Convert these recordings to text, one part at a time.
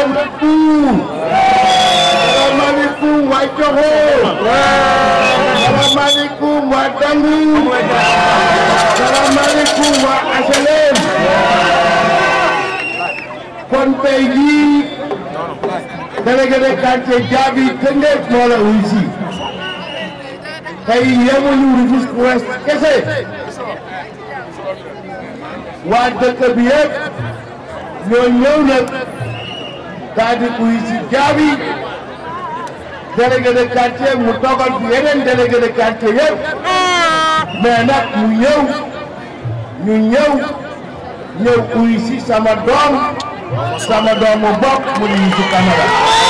Madame Pou, Madame Malikou Ouattoro, Madame Malikou Ouattangou, Madame Malikou Ouattachelem. kon tey jii délégué de quartier Diaby Tëngéej moo la wuy si tey yemuñu Rufisque Ouest kese waa dëkk bi yëpp ñoo ñëw nag. daal di jaabi délégué de quartier mu dogal fi yeneen délégué de quartier yëpp mais nag mu ñëw ñu ñëw sama doom sama doomu bopp mu di Youssou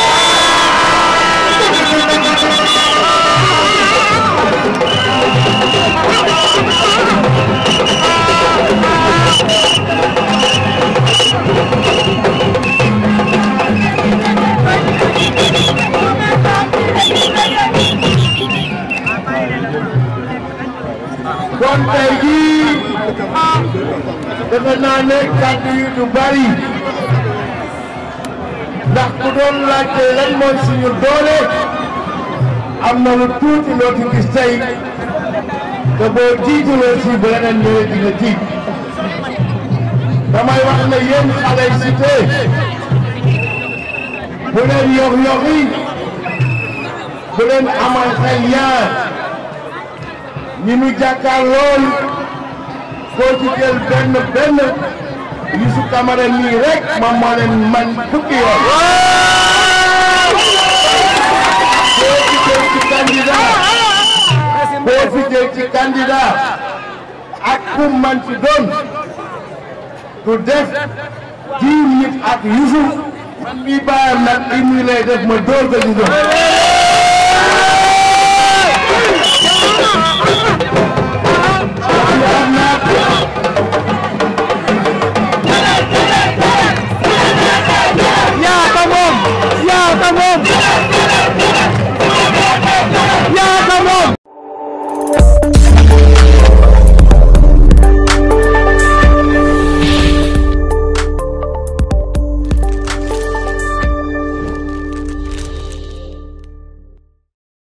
defe naa ne kàddu yu du bari ndax ku doon laajte lan mooy suñu doole am na lu tuuti loo ci gis tey boo jiituloo si ba leneen ñëwee di nga jiit damay wax ne yéen xale yi Cité bu leen yox-yox bu leen amal xel ñaar ñi jàkkaar lool boo ci benn benn Youssou Camara nii rek moom moo leen man fukki yoon. boo ci jël ci candidat ci jël ak ku man ci doon du def dix minutes ak Youssou man mii bàyyam nag def ma door ko ñu doon.